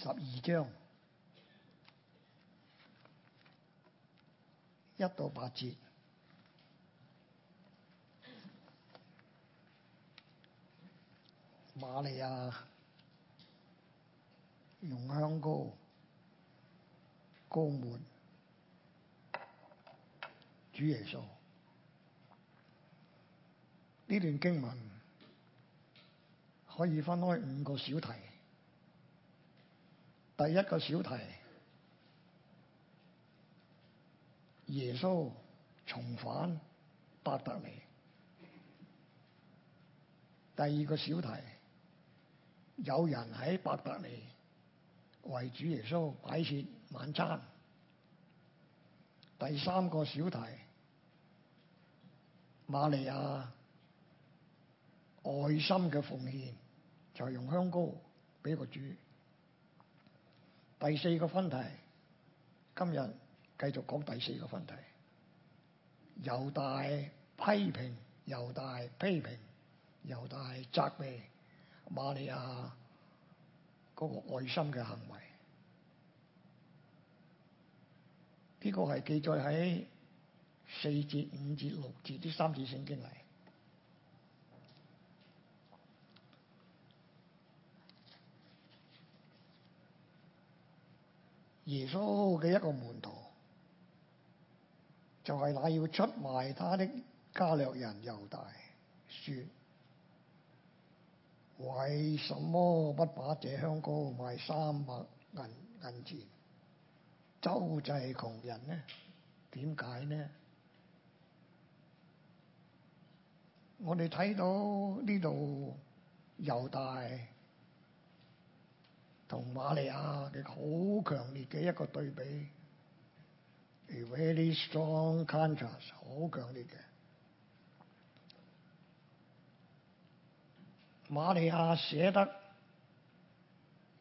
十二章一到八節，瑪利亞用香膏膏抹主耶穌，呢段經文可以分開五個小題。第一個小題，耶穌重返伯大尼；第二個小題，有人喺伯大尼為主耶穌擺設晚餐。第三個小題，瑪利亞愛心嘅奉獻就係用香膏俾個主。第四個分題，今日繼續講第四個分題，猶大批評，猶大批評，猶大責備瑪利亞嗰個愛心嘅行為，呢、這個係記載喺四節、五節、六節啲三節聖經嚟。耶穌嘅一個門徒，就係、是、那要出賣他的加略人猶大，説：為什麼不把這香膏賣三百銀銀錢，周濟窮人呢？點解呢？我哋睇到呢度猶大。同瑪利亞嘅好強烈嘅一個對比，a very strong contrast，好強烈嘅。瑪利亞捨得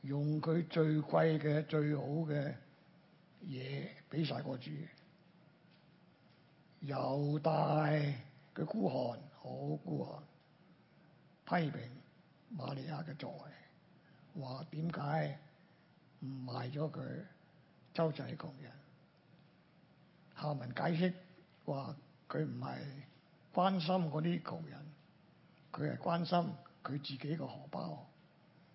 用佢最貴嘅最好嘅嘢俾曬個主，猶大嘅孤寒，好孤寒，批評瑪利亞嘅作為。話點解唔賣咗佢周仔窮人？下文解釋話佢唔係關心嗰啲窮人，佢係關心佢自己個荷包。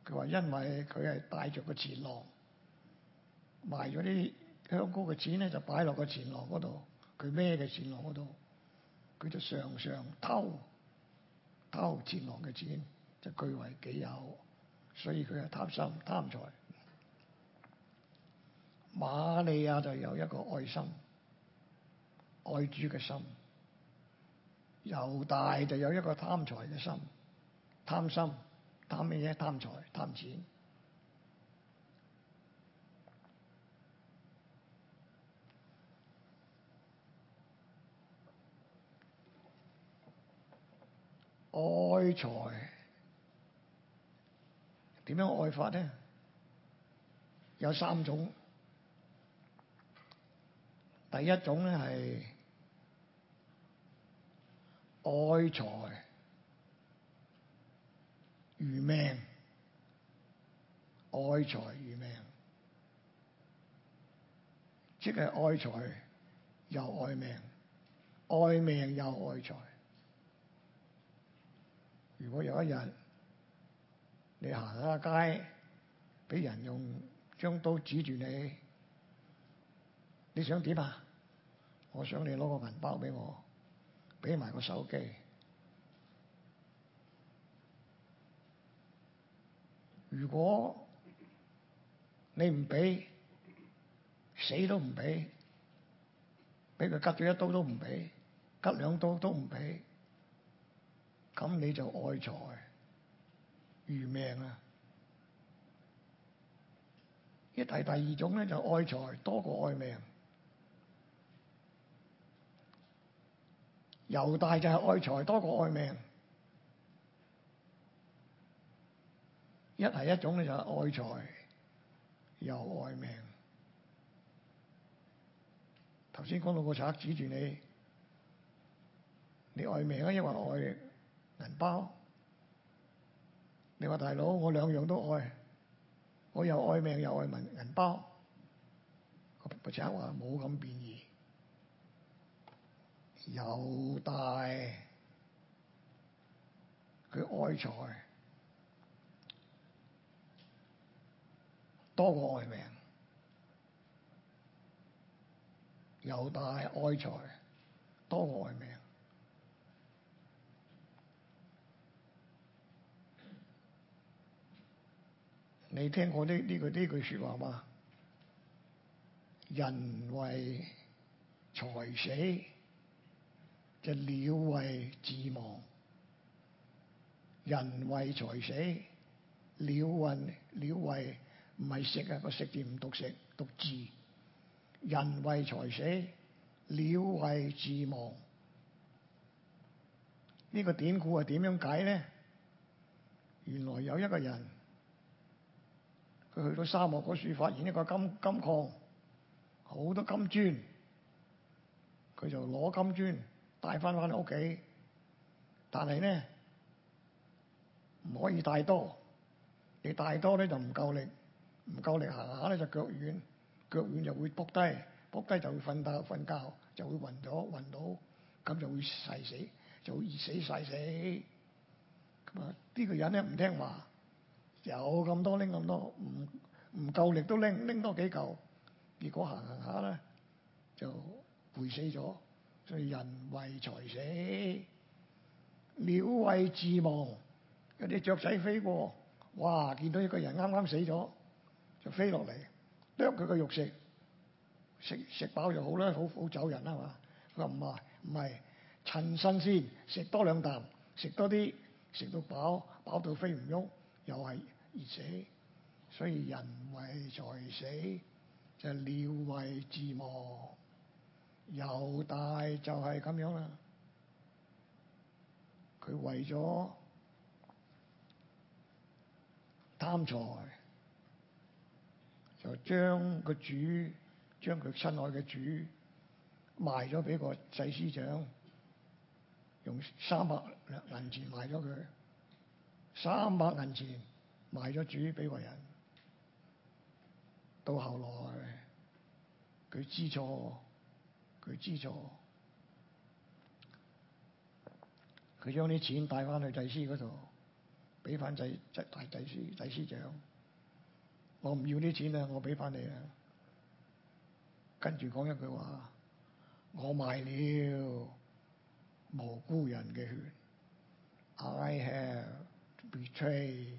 佢話，因為佢係帶着個錢囊，賣咗啲香膏嘅錢咧就擺落個錢囊嗰度，佢孭嘅錢囊嗰度，佢就常常偷偷錢囊嘅錢，就據、是、為己有。所以佢係貪心貪財，瑪利亞就有一個愛心愛主嘅心，猶大就有一個貪財嘅心，貪心貪乜嘢？貪財貪錢，愛財。點樣愛法呢？有三種。第一種咧係愛財如命，愛財如命，即係愛財又愛命，愛命又愛財。如果有一日，你行下街，俾人用張刀指住你，你想點啊？我想你攞個銀包俾我，俾埋個手機。如果你唔俾，死都唔俾，俾佢拮咗一刀都唔俾，拮兩刀都唔俾，咁你就愛財，如命啊！一提第二種咧就是、愛財多過愛命，猶大就係愛財多過愛命。一提一種咧就係、是、愛財又愛命。頭先講到個賊指住你，你愛命啊，抑或愛銀包？你話，大佬，我兩樣都愛，我又愛命又愛銀包。個八字話冇咁便宜，又大佢愛財多過愛命，又大愛財多過愛命。你聽過呢呢句呢句說話嗎？人為財死，就鳥為自亡。人為財死，鳥運鳥為唔係食啊！個食字唔讀食，讀字。人為財死，鳥為自亡。呢個典故係點樣解咧？原來有一個人，佢去到沙漠嗰處，發現一個金金礦，好多金磚，佢就攞金磚帶翻翻屋企，但係咧唔可以帶多，你帶多咧就唔夠力，唔夠力行下咧就腳軟，腳軟就會撲低，撲低就會瞓覺，瞓覺就會暈咗，暈到咁就會曬死，就會熱死曬死。咁啊，呢、這個人咧唔聽話。有咁多拎咁多，唔唔夠力都拎拎多幾嚿，結果行行下咧就攰死咗。所以人為財死，鳥為自亡。有啲雀仔飛過，哇！見到一個人啱啱死咗，就飛落嚟啄佢個肉食，食食飽就好啦，好好走人啦嘛。佢話唔係唔係，趁新鮮食多兩啖，食多啲，食到飽飽到飛唔喐，又係而死，所以人為財死，就鳥為食亡。猶大就係咁樣啦，佢為咗貪財，就將個主，將佢親愛嘅主賣咗俾個祭司長，用三百兩銀錢賣咗佢，三百銀錢。賣咗主俾壞人，到後來佢知錯，佢知錯，佢將啲錢帶翻去祭司嗰度，俾翻祭大祭，祭，祭司祭司長。我唔要啲錢啦，我俾翻你啦。跟住講一句話：我賣了無辜人嘅血。I have betrayed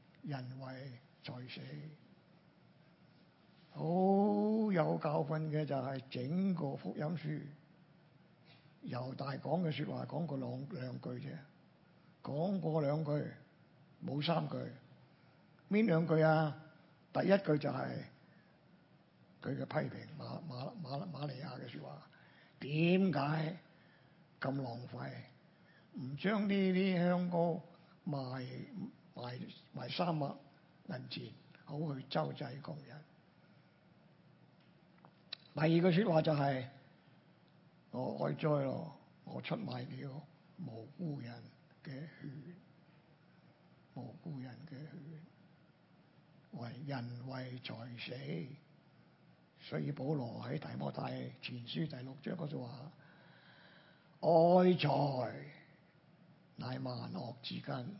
人為在死，好有教訓嘅，就係整個福音書，猶大講嘅説話，講過兩兩句啫，講過兩句，冇三句。邊兩句啊？第一句就係佢嘅批評瑪瑪瑪瑪利亞嘅説話點解咁浪費？唔將呢啲香膏賣？賣賣三百銀錢，好去周濟窮人。第二句說話就係、是、我愛財咯，我出賣了無辜人嘅血。無辜人嘅血，為人為財死。所以保羅喺提摩太前書第六章嗰度話：愛財乃萬惡之根。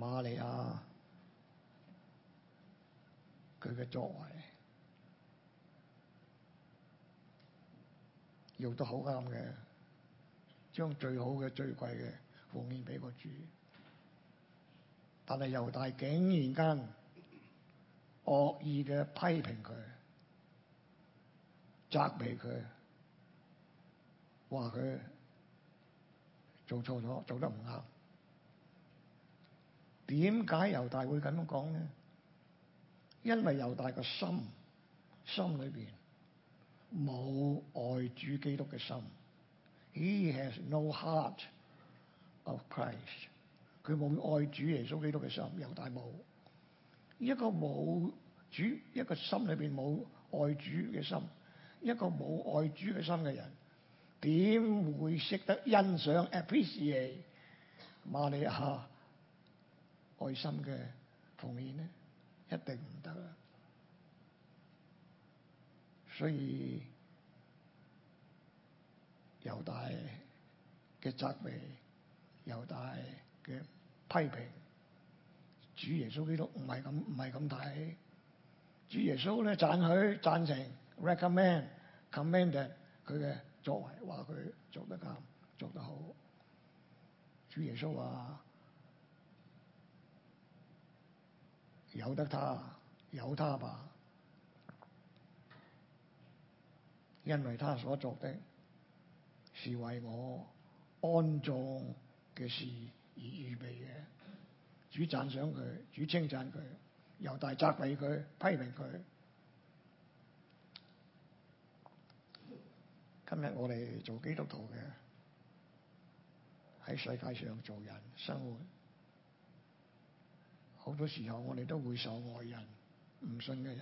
瑪利亞佢嘅作為用得好啱嘅，將最好嘅、最貴嘅奉獻俾個主，但係猶大竟然間惡意嘅批評佢，責備佢，話佢做錯咗，做得唔啱。點解猶大會咁樣講咧？因為猶大個心心裏邊冇愛主基督嘅心，He has no heart of Christ。佢冇愛主耶穌基督嘅心，猶大冇。一個冇主，一個心裏邊冇愛主嘅心，一個冇愛主嘅心嘅人，點會識得欣賞 appreciate 瑪利亞？愛心嘅奉獻咧，一定唔得啦。所以又大嘅責備，又大嘅批評，主耶穌基督唔係咁唔係咁睇。主耶穌咧讚許、贊成、recommend、commended 佢嘅作為，話佢做得啱，做得好。主耶穌話。由得他，由他吧，因為他所做的是為我安葬嘅事而預備嘅。主讚賞佢，主稱讚佢，又大責備佢，批評佢。今日我哋做基督徒嘅，喺世界上做人，生活。好多時候，我哋都會受外人唔信嘅人，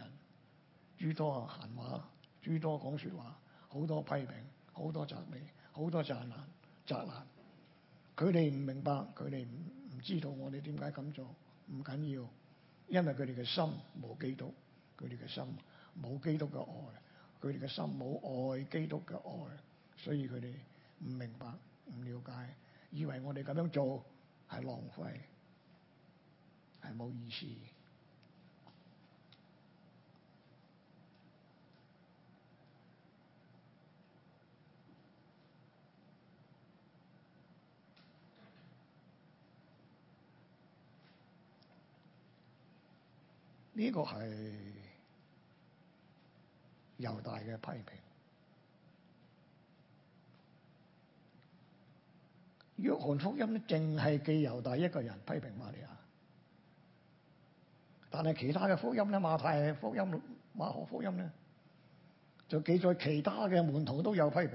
諸多閒話，諸多講說話，好多批評，好多責備，好多責難、責難。佢哋唔明白，佢哋唔唔知道我哋點解咁做。唔緊要，因為佢哋嘅心冇基督，佢哋嘅心冇基督嘅愛，佢哋嘅心冇愛基督嘅愛，所以佢哋唔明白、唔了解，以為我哋咁樣做係浪費。係冇意思，呢個係猶大嘅批評。約翰福音咧，淨係記猶大一個人批評瑪利亞。但係其他嘅福音咧，馬太福音、馬可福音咧，就記載其他嘅門徒都有批評，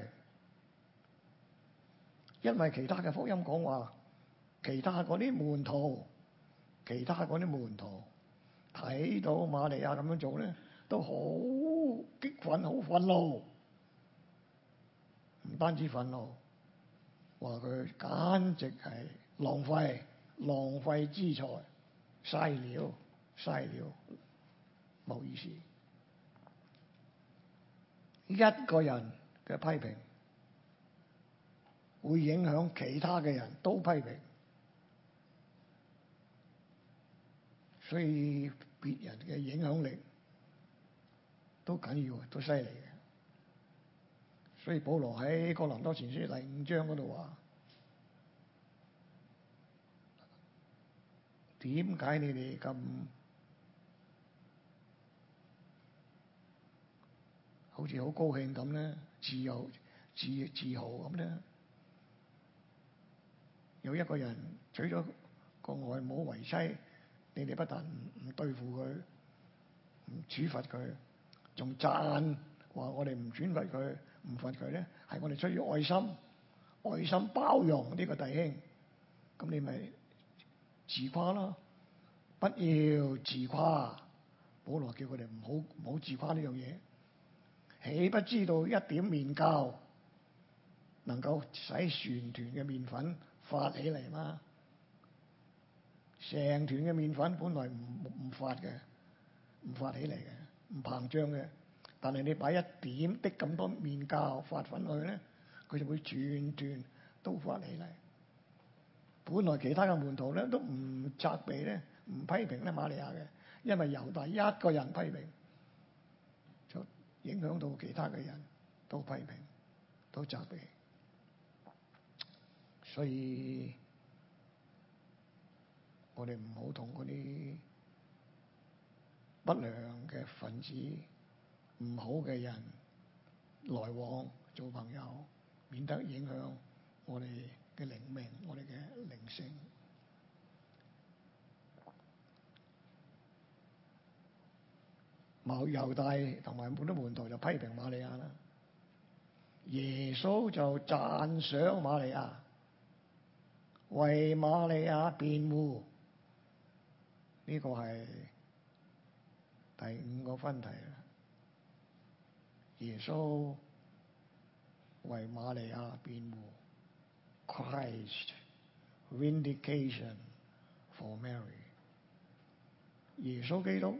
因為其他嘅福音講話，其他嗰啲門徒，其他嗰啲門徒睇到瑪利亞咁樣做咧，都好激憤，好憤怒，唔單止憤怒，話佢簡直係浪費、浪費資財、嘥料。嘥了，冇意思。一個人嘅批評會影響其他嘅人都批評，所以別人嘅影響力都緊要，都犀利嘅。所以保羅喺《哥林多前書》第五章嗰度話：點解你哋咁？好似好高興咁咧，自由、自自豪咁咧。有一個人娶咗個外母為妻，你哋不但唔唔對付佢，唔處罰佢，仲贊話我哋唔處罰佢，唔罰佢咧，係我哋出於愛心、愛心包容呢個弟兄。咁你咪自誇囉，不要自誇。保羅叫佢哋唔好唔好自誇呢樣嘢。豈不知道一點麵酵能夠使全團嘅麵粉發起嚟嗎？成團嘅麵粉本來唔唔發嘅，唔發起嚟嘅，唔膨脹嘅。但係你擺一點啲咁多麵酵發粉去咧，佢就會全團都發起嚟。本來其他嘅門徒咧都唔責備咧，唔批評咧瑪利亞嘅，因為猶大一個人批評。影響到其他嘅人都批評，都責備，所以我哋唔好同嗰啲不良嘅分子，唔好嘅人來往做朋友，免得影響我哋嘅靈命，我哋嘅靈性。冇猶大同埋好多門徒就批評瑪利亞啦，耶穌就讚賞瑪利亞，為瑪利亞辯護，呢個係第五個分題啦。耶穌為瑪利亞辯護，Christ vindication for Mary。耶穌基督。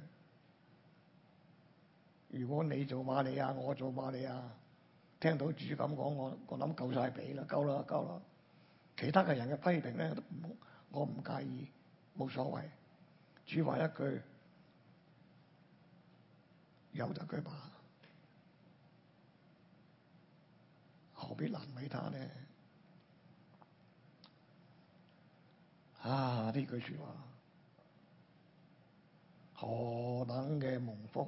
如果你做瑪利亞，我做瑪利亞，聽到主咁講，我我諗夠晒俾啦，夠啦，夠啦。其他嘅人嘅批評咧，我唔介意，冇所謂。主話一句，由得佢吧，何必難為他呢？啊！呢句説話，何等嘅蒙福。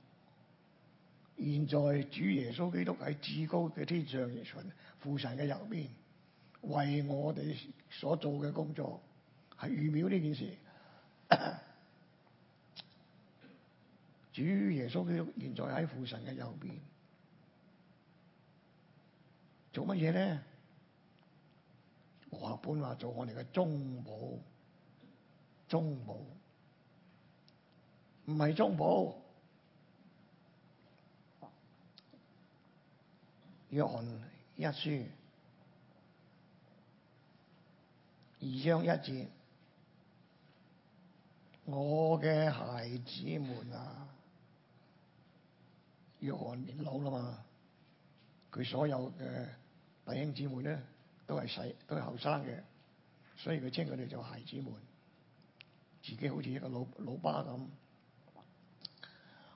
現在主耶穌基督喺至高嘅天上，喺父神嘅右邊，為我哋所做嘅工作係預表呢件事。 主耶穌基督現在喺父神嘅右邊，做乜嘢咧？我一般話做我哋嘅中保，中保唔係中保。約翰一書二章一節，我嘅孩子們啊，約翰年老啦嘛，佢所有嘅弟兄姊妹咧都係細都係後生嘅，所以佢稱佢哋做孩子們，自己好似一個老老爸咁，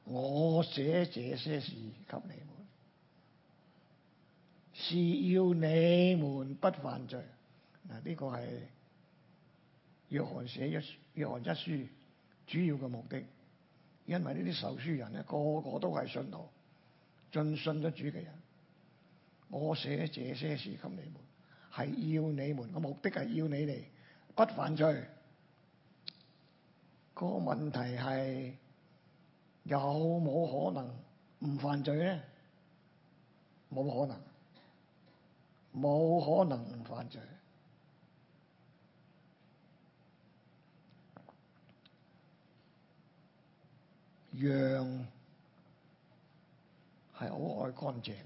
我寫這些事給你。是要你們不犯罪，嗱、這、呢個係約翰寫一約翰一書主要嘅目的，因為呢啲受書人咧個個都係信徒，盡信咗主嘅人。我寫這些事給你們，係要你們個目的係要你哋不犯罪。這個問題係有冇可能唔犯罪咧？冇可能。冇可能唔犯罪。羊係好愛乾淨嘅，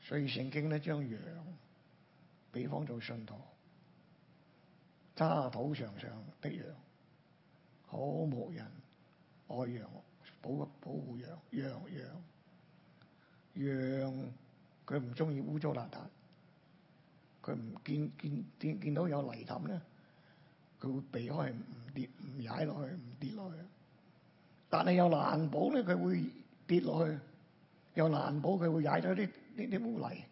所以聖經咧將羊比方做信徒，揸土場上，上的羊，好牧人愛羊，保保護羊羊羊。羊羊羊佢唔中意污糟邋遢，佢唔見見見見到有泥氹咧，佢會避開唔跌唔踩落去，唔跌落去。但係有難保咧，佢會跌落去，有難保佢會踩到啲啲啲污泥。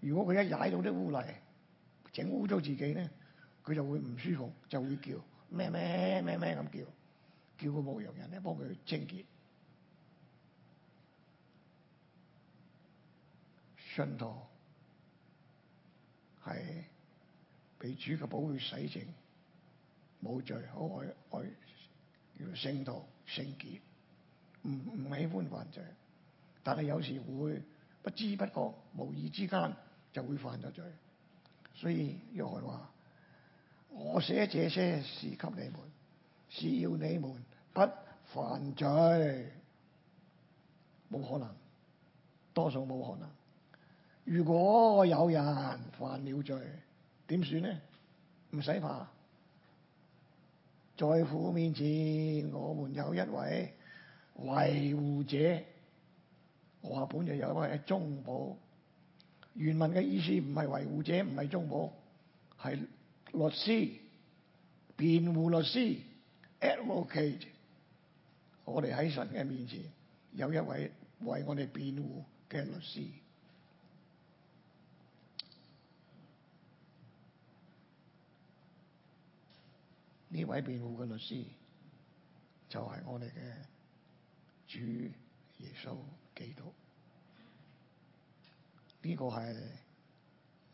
如果佢一踩到啲污泥，整污糟自己咧，佢就會唔舒服，就會叫咩咩咩咩咁叫，叫個牧羊人咧幫佢清潔。信徒係被主嘅寶血洗淨，冇罪，好，可可叫做聖徒、聖潔，唔唔喜歡犯罪，但係有時會不知不覺、無意之間就會犯咗罪。所以約翰話：我寫這些事給你們，是要你們不犯罪。冇可能，多數冇可能。如果有人犯了罪，點算咧？唔使怕，在父面前，我們有一位維護者。我話，本就有一位係中保。原文嘅意思唔係維護者，唔係中保，係律師，辯護律師。advocate，我哋喺神嘅面前有一位為我哋辯護嘅律師。呢位辯護嘅律師就係、是、我哋嘅主耶穌基督，呢、這個係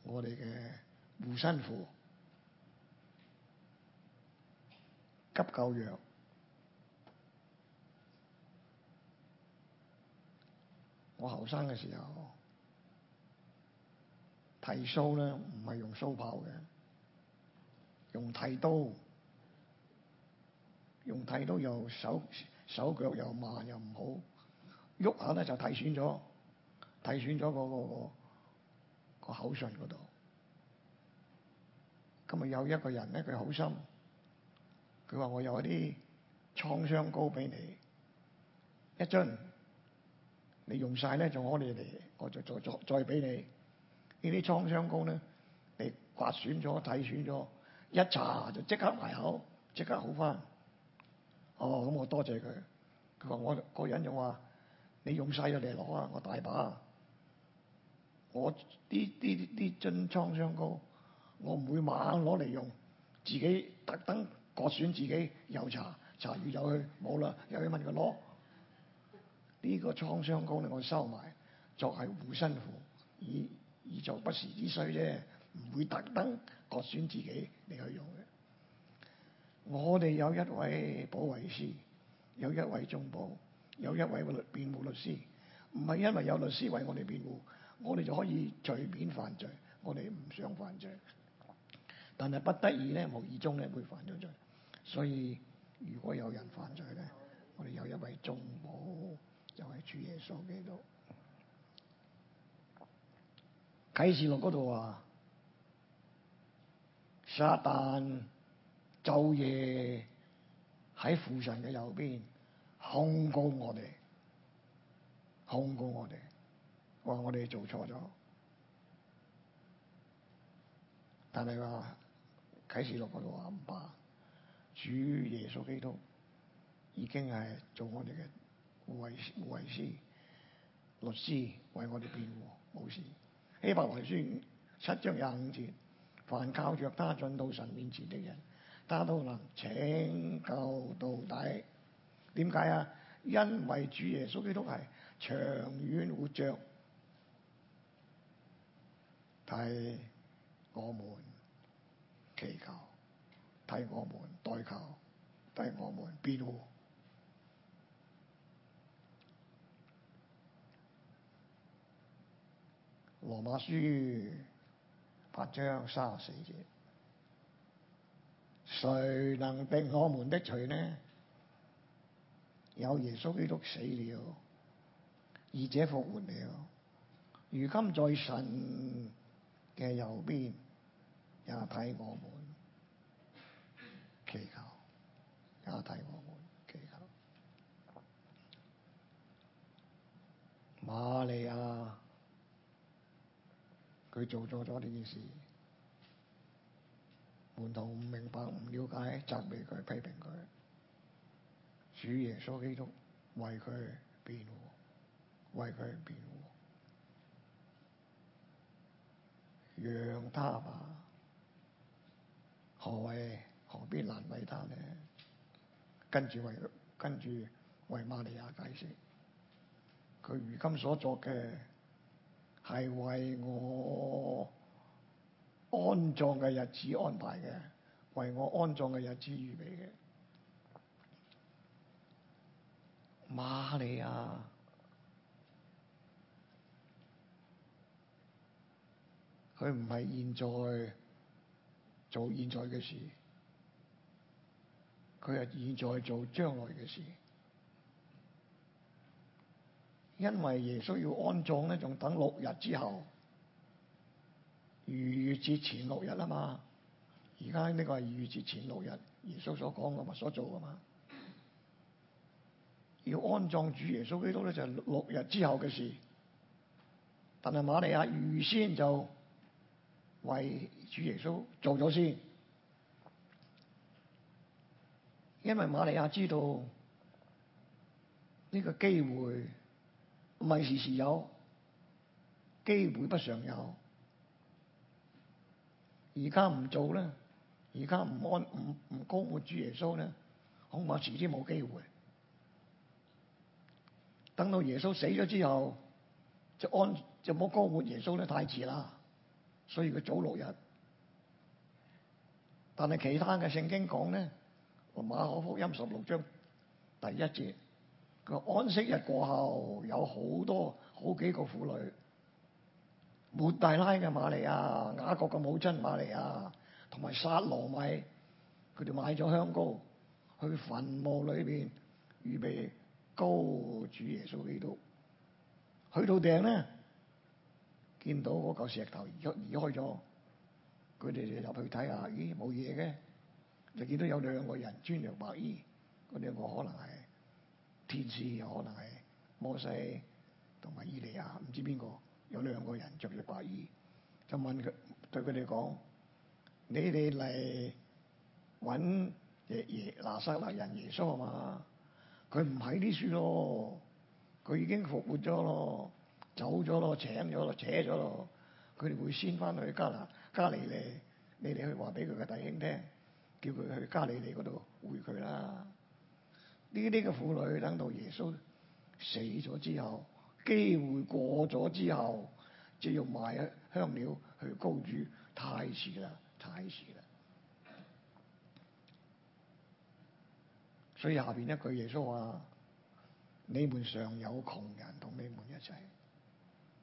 我哋嘅護身符、急救藥。我後生嘅時候剃鬚咧，唔係用鬚刨嘅，用剃刀。用剃刀又手手腳又慢又唔好，喐下咧就剃損咗，剃損咗嗰個口唇嗰度。咁啊有一個人咧，佢好心，佢話：我有啲創傷膏俾你一樽，你用晒咧，就可以嚟，我就再再再俾你呢啲創傷膏咧，你刮損咗、剃損咗，一搽就即刻埋口，即刻好返。哦，咁我多謝佢。佢話我個人就話，你用晒咗嚟攞啊，我大把。我呢啲啲樽創傷膏，我唔會猛攞嚟用，自己特登割損自己，又查查完又去冇啦，又去問佢攞。呢個創傷膏咧，我收埋作係護身符，以以作不時之需啫，唔會特登割損自己嚟去用。我哋有一位保惠師，有一位中保，有一位律辯護律師，唔係因為有律師為我哋辯護，我哋就可以隨便犯罪，我哋唔想犯罪，但係不得已咧，無意中咧會犯咗罪。所以如果有人犯罪咧，我哋有一位中保，就係、是、主耶穌基督。啟示錄嗰度話，撒旦。」晝夜喺父神嘅右邊控告我哋，控告我哋話我哋做錯咗，但係話啟示錄嗰度話唔怕，主耶穌基督已經係做我哋嘅護衛護衛師、律師，為我哋辯護，冇事。希伯來書七章廿五節，凡靠着祂進到神面前的人。大家都能拯救到底，點解啊？因為主耶穌基督係長遠活着，替我們祈求，替我們代求，替我們辯護。羅馬書八章三十四節。誰能定我們的罪呢？有耶穌基督死了，而且復活了，如今在神嘅右邊，也替我們祈求，也替我們祈求。瑪利亞，佢做錯咗呢件事。門徒唔明白唔了解，責備佢批評佢，主耶穌基督為佢辯護，為佢辯護，讓他吧，何為何必難為他呢？跟住為跟住為瑪利亞解釋，佢如今所作嘅係為我。安葬嘅日子安排嘅，為我安葬嘅日子預備嘅。瑪利亞，佢唔係現在做現在嘅事，佢係現在做將來嘅事，因為耶穌要安葬咧，仲等六日之後。逾越節前六日啊嘛，而家呢個係逾越節前六日，耶穌所講噶嘛，所做噶嘛，要安葬主耶穌基督咧就係、是、六日之後嘅事，但係瑪利亞預先就為主耶穌做咗先，因為瑪利亞知道呢個機會唔係時時有，機會不常有。而家唔做咧，而家唔安唔唔高活主耶穌咧，恐怕遲啲冇機會。等到耶穌死咗之後，就安就冇高活耶穌咧，太遲啦。所以佢早六日。但係其他嘅聖經講咧，馬可福音十六章第一節，佢話安息日過後有好多好幾個婦女。抹大拉嘅瑪利亞、雅各嘅母親瑪利亞，同埋撒羅米，佢哋買咗香膏去墳墓裏邊預備膏主耶穌基督。去到頂咧，見到嗰嚿石頭移開咗，佢哋就入去睇下，咦，冇嘢嘅，就見到有兩個人穿着白衣，嗰兩個可能係天使，可能係摩西同埋以利亞，唔知邊個。有兩個人着住白衣，就問佢對佢哋講：你哋嚟揾耶耶拿撒勒人耶穌啊嘛？佢唔喺啲書咯，佢已經復活咗咯，走咗咯，請咗咯，扯咗咯。佢哋會先翻去加拿加利利，你哋去話俾佢嘅弟兄聽，叫佢去加利利嗰度會佢啦。呢啲嘅婦女等到耶穌死咗之後。機會過咗之後，就要賣香料去膏主，太遲啦，太遲啦。所以下邊一句耶穌話：你們常有窮人同你們一齊，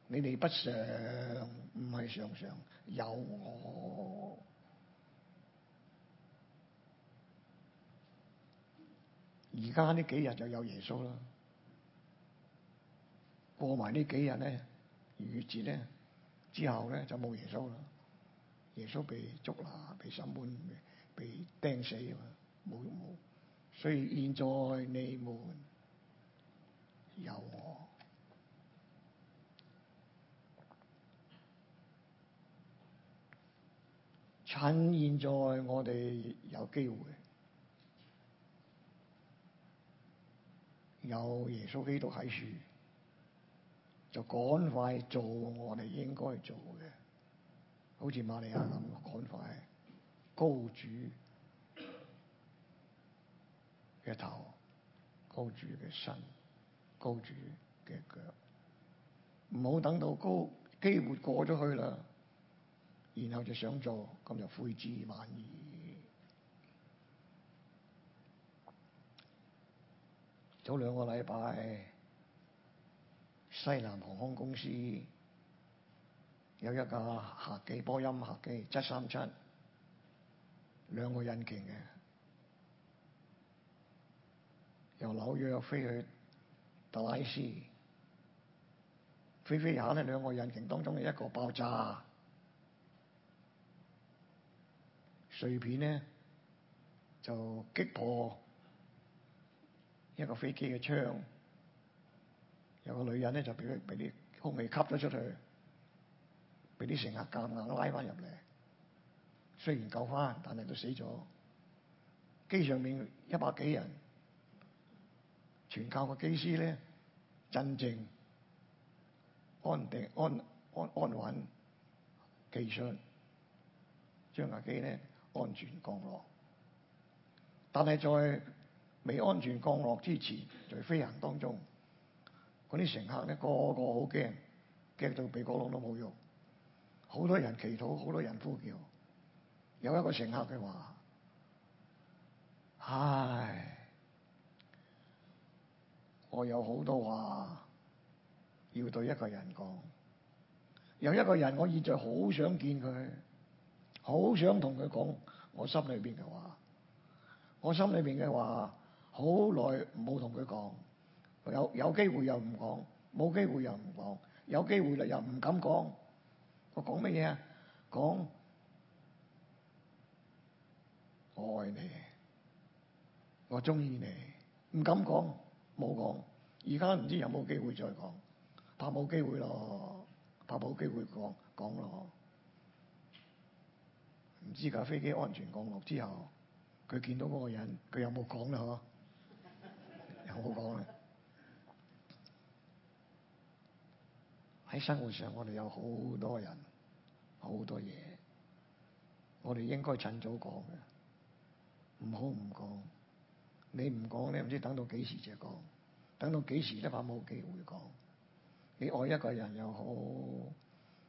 你哋不常，唔係常常有我。而家呢幾日就有耶穌啦。過埋呢幾日咧，逾越節咧之後咧，就冇耶穌啦，耶穌被捉拿、被審判、被釘死啊，冇用冇。所以現在你們有我，趁現在我哋有機會，有耶穌基督喺度。就趕快做我哋應該做嘅，好似瑪利亞咁，趕快膏主嘅頭，膏主嘅身，膏主嘅腳，唔好等到膏嘅機會過咗去啦，然後就想做，咁就悔之晚矣。早兩個禮拜。西南航空公司有一架客機波音客機七三七，37, 兩個引擎嘅，由紐約飛去達拉斯，飛飛下呢，兩個引擎當中嘅一個爆炸，碎片呢就擊破一個飛機嘅窗。有個女人咧就俾俾啲空氣吸咗出去，俾啲乘客夾硬，硬拉翻入嚟，雖然救翻，但係都死咗。機上面一百幾人，全靠個機師咧鎮靜、真正安定、安安安穩機上，將架機咧安全降落。但係在未安全降落之前，在飛行當中。嗰啲乘客咧，個個好驚，驚到鼻哥窿都冇肉。好多人祈禱，好多人呼叫。有一個乘客嘅話，唉，我有好多話要對一個人講。有一個人，我現在好想見佢，好想同佢講我心裏邊嘅話。我心裏邊嘅話，好耐冇同佢講。有有機會又唔講，冇機會又唔講，有機會嘞又唔敢講。我講乜嘢啊？講，我愛你，我中意你，唔敢講，冇講。而家唔知有冇機會再講，怕冇機會咯，怕冇機會講講咯。唔知架飛機安全降落之後，佢見到嗰個人，佢有冇講咧？嗬，有冇講咧？喺生活上，我哋有好多人、好多嘢，我哋應該趁早講嘅，唔好唔講。你唔講，你唔知等到幾時就講，等到幾時都怕冇機會講。你愛一個人又好，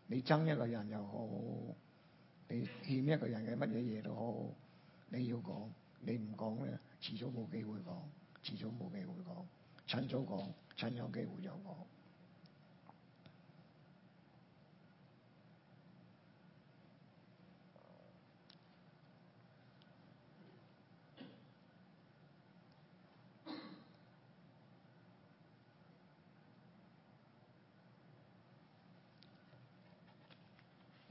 你憎一個人又好，你欠一個人嘅乜嘢嘢都好，你要講，你唔講咧，遲早冇機會講，遲早冇機會講，趁早講，趁有機會就講。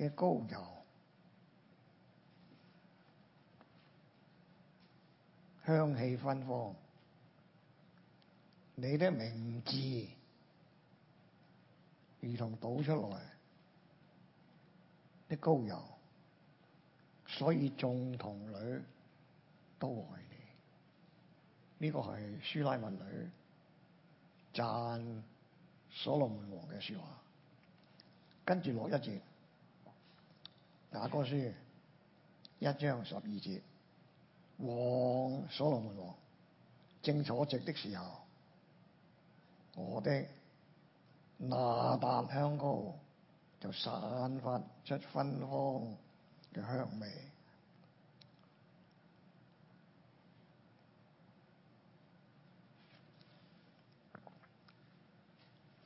嘅高油，香氣芬芳，你的名字如同倒出來啲高油，所以眾童女都愛你。呢、這個係舒拉文女讚所羅門王嘅說話，跟住落一節。雅歌書一章十二節，王所羅門王正坐席的時候，我的那啖香膏就散發出芬芳嘅香味。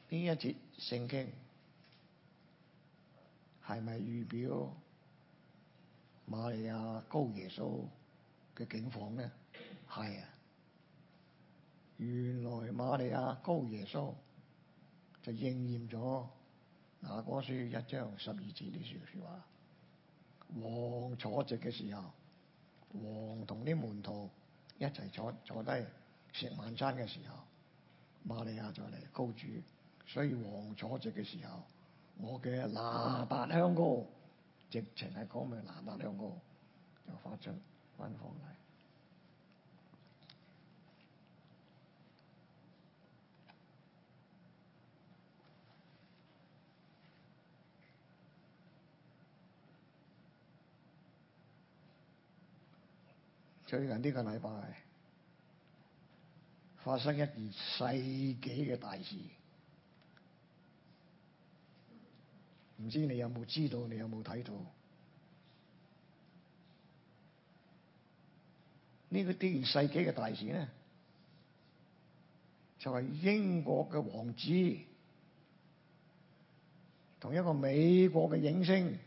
呢一節聖經係咪預表？瑪利亞膏耶穌嘅景況咧，係啊，原來瑪利亞膏耶穌就應驗咗雅歌書一章十二節呢句說話。王坐席嘅時候，王同啲門徒一齊坐坐低食晚餐嘅時候，瑪利亞就嚟膏主，所以王坐席嘅時候，我嘅哪噠香膏。直情係講明難得兩個就發出軍方嚟，最近呢個禮拜發生一件世紀嘅大事。唔知你有冇知道，你有冇睇到呢、這個二十一世紀嘅大事咧？就係、是、英國嘅王子同一個美國嘅影星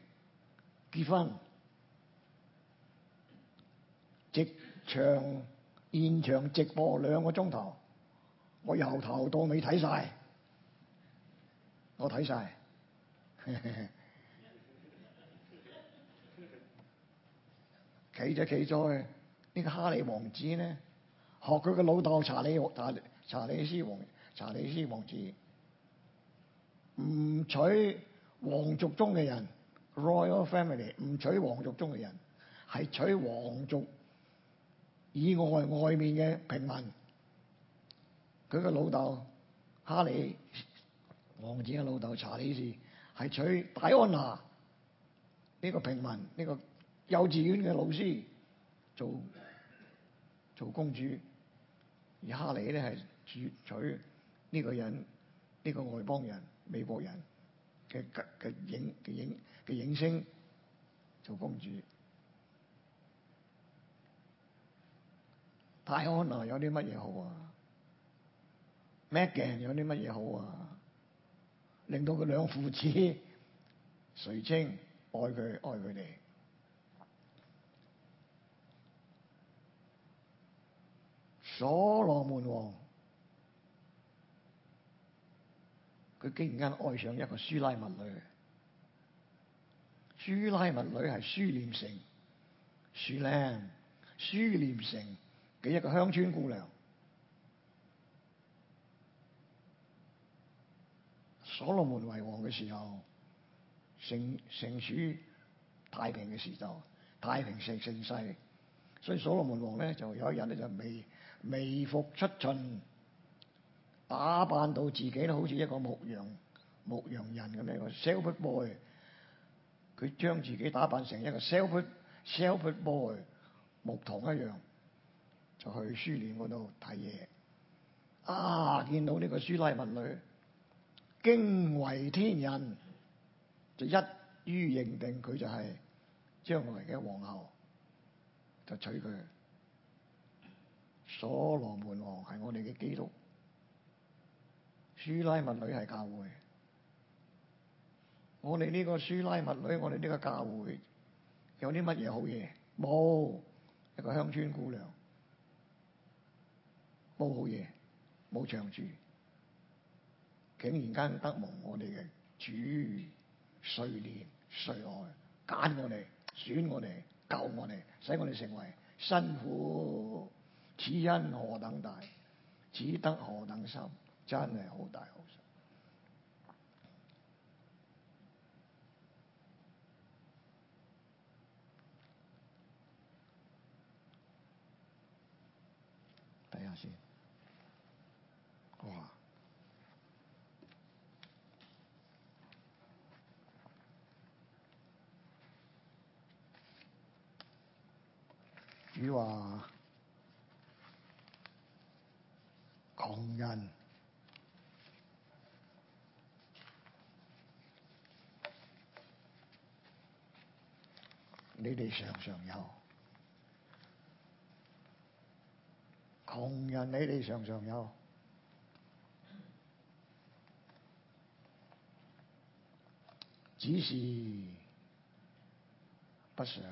結婚，直場現場直播兩個鐘頭，我由頭到尾睇晒，我睇晒。企咗企咗去，呢、這個哈利王子咧，學佢個老豆查理查理斯王查理斯王子，唔娶皇族中嘅人 Royal Family，唔娶皇族中嘅人，係娶皇族以外外面嘅平民。佢個老豆哈利王子嘅老豆查理斯。係娶戴安娜呢、呢個平民呢、呢個幼稚園嘅老師做做公主，而哈利咧係選取呢個人呢、呢個外邦人美國人嘅嘅影嘅影嘅影星做公主。戴 安娜有啲乜嘢好啊？Meghan 有啲乜嘢好啊？令到佢兩父子垂青，愛佢愛佢哋。所羅門王，佢竟然間愛上一個書拉密女。書拉密女係書念城，書靚，書念城嘅一個鄉村姑娘。所羅門為王嘅時候，成成處太平嘅時候，太平盛盛世，所以所羅門王咧就有一日咧就微微服出巡，打扮到自己咧好似一個牧羊牧羊人咁樣個 self boy，佢將自己打扮成一個 self self boy 牧童一樣，就去書念度睇嘢，啊見到呢個書拉文女。驚為天人，就一於認定佢就係將來嘅皇后，就娶佢。所羅門王係我哋嘅基督，書拉密女係教會。我哋呢個書拉密女，我哋呢個教會有啲乜嘢好嘢？冇一個鄉村姑娘，冇好嘢，冇長處。竟然間得蒙我哋嘅主垂憐垂愛，揀我哋選我哋救我哋，使我哋成為辛苦。此恩何等大，此德何等深，真係好大好深。睇下先。哇！佢話窮人，你哋常常有；窮人，你哋常常有，只是不常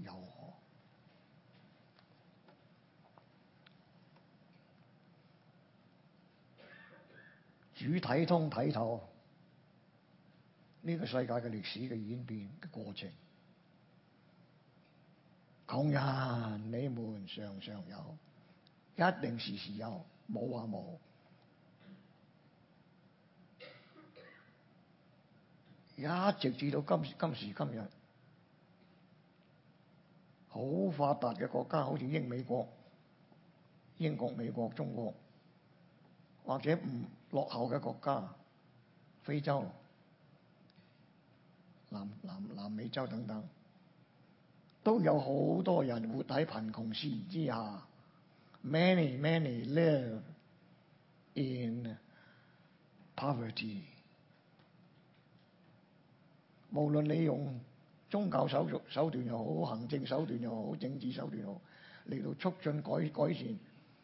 有。主體通睇透呢個世界嘅歷史嘅演變嘅過程，窮人你們常常有，一定時時有，冇話冇，一直至到今今時今日，好發達嘅國家，好似英美國、英國、美國、中國，或者唔～落後嘅國家，非洲、南南南美洲等等，都有好多人活喺貧窮線之下。Many many live in poverty。無論你用宗教手續手段又好，行政手段又好，政治手段又好，嚟到促進改改善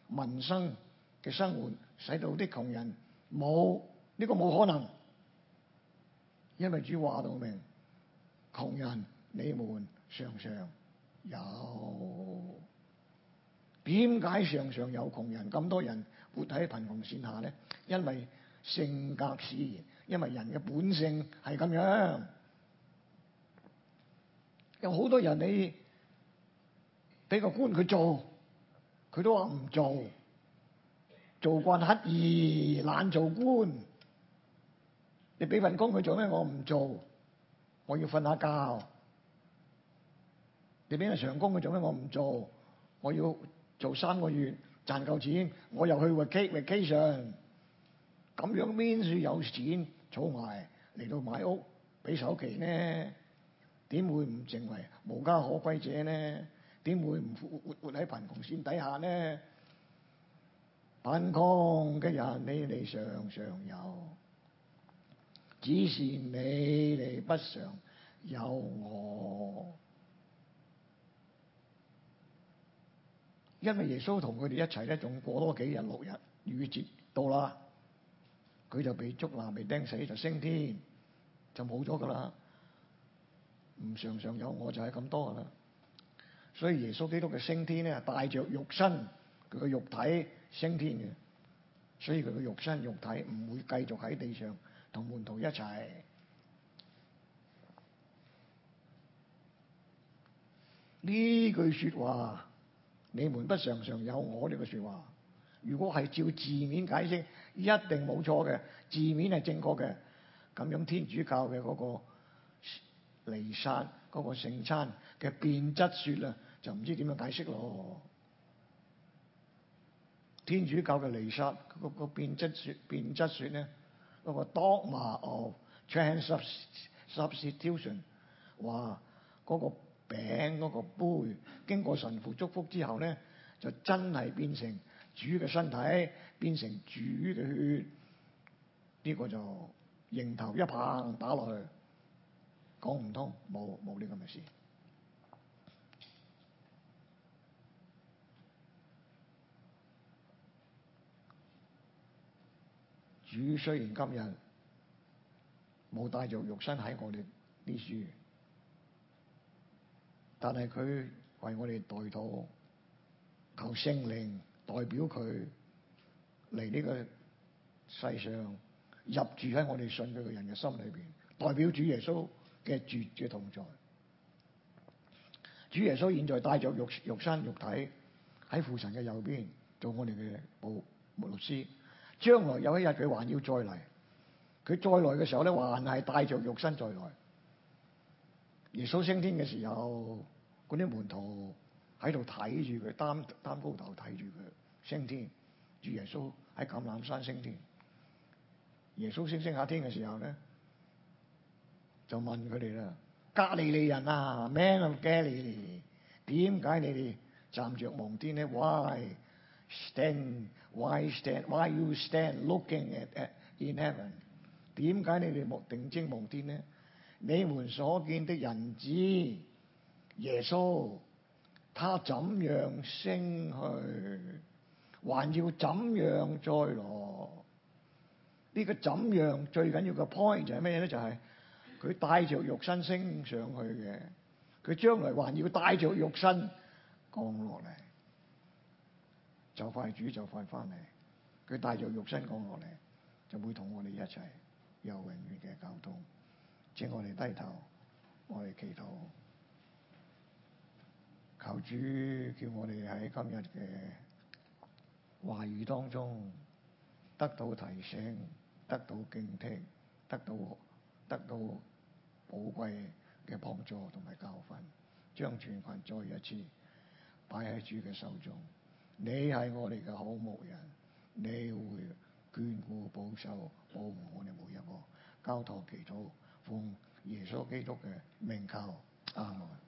民生嘅生活，使到啲窮人。冇，呢個冇可能，因為主話到明，窮人你們常常有。點解常常有窮人，咁多人活喺貧窮線下咧？因為性格使然，因為人嘅本性係咁樣。有好多人你俾個官佢做，佢都話唔做。做慣乞兒，懶做官。你俾份工佢做咩？我唔做，我要瞓下覺。你俾個長工佢做咩？我唔做，我要做三個月賺夠錢，我又去 vacation。咁樣邊算有錢儲埋嚟到買屋俾首期呢？點會唔成為無家可歸者呢？點會唔活活喺貧窮線底下呢？反抗嘅人，你哋常常有，只是你哋不常有我。因為耶穌同佢哋一齊咧，仲過多幾日六日逾節到啦，佢就被捉拿被釘死就升天，就冇咗噶啦。唔常常有我，就係咁多噶啦。所以耶穌基督嘅升天咧，帶着肉身，佢嘅肉體。升天嘅，所以佢嘅肉身肉體唔會繼續喺地上同門徒一齊。呢句說話，你們不常常有我哋嘅說話？如果係照字面解釋，一定冇錯嘅，字面係正確嘅。咁樣天主教嘅嗰個彌撒，嗰個聖餐嘅變質說啊，就唔知點樣解釋咯。天主教嘅彌撒，嗰個變質說、變質說咧，嗰個 Doctrine of Transubstantiation 哇！嗰個餅、嗰個杯，經過神父祝福之後咧，就真係變成主嘅身體，變成主嘅血，呢、這個就迎頭一棒打落去，講唔通，冇冇呢咁嘅事。主雖然今日冇帶住肉身喺我哋呢處，但係佢為我哋代禱，求聖靈代表佢嚟呢個世上入住喺我哋信佢嘅人嘅心裏邊，代表主耶穌嘅絕嘅同在。主耶穌現在帶住肉肉身肉體喺父神嘅右邊做我哋嘅布摩羅斯。將來有一日佢還要再嚟，佢再來嘅時候咧，還係帶着肉，肉身再來。耶穌升天嘅時候，嗰啲門徒喺度睇住佢，擔擔高頭睇住佢升天。主耶穌喺橄欖山升天。耶穌升升下天嘅時候咧，就問佢哋啦：加利利人啊，Man of Galilee，點解你哋站着望天呢 Why stand？Why stand? Why you stand looking at at in heaven? 點解你哋目定睛望天咧？你們所見的人子耶穌，他怎樣升去，還要怎樣再落？呢個怎樣最緊要嘅 point 就係咩咧？就係佢帶着肉身升上去嘅，佢將來還要帶着肉身降落嚟。就快主就快翻嚟，佢帶着肉身降落嚟，就會同我哋一齊有永遠嘅交通。請我哋低頭，我哋祈禱，求主叫我哋喺今日嘅話語當中，得到提醒，得到警惕，得到得到寶貴嘅幫助同埋教訓，將全群再一次擺喺主嘅手中。你係我哋嘅好牧人，你會眷顧、保守、保護我哋每一個，交託祈禱，奉耶穌基督嘅名求，阿門。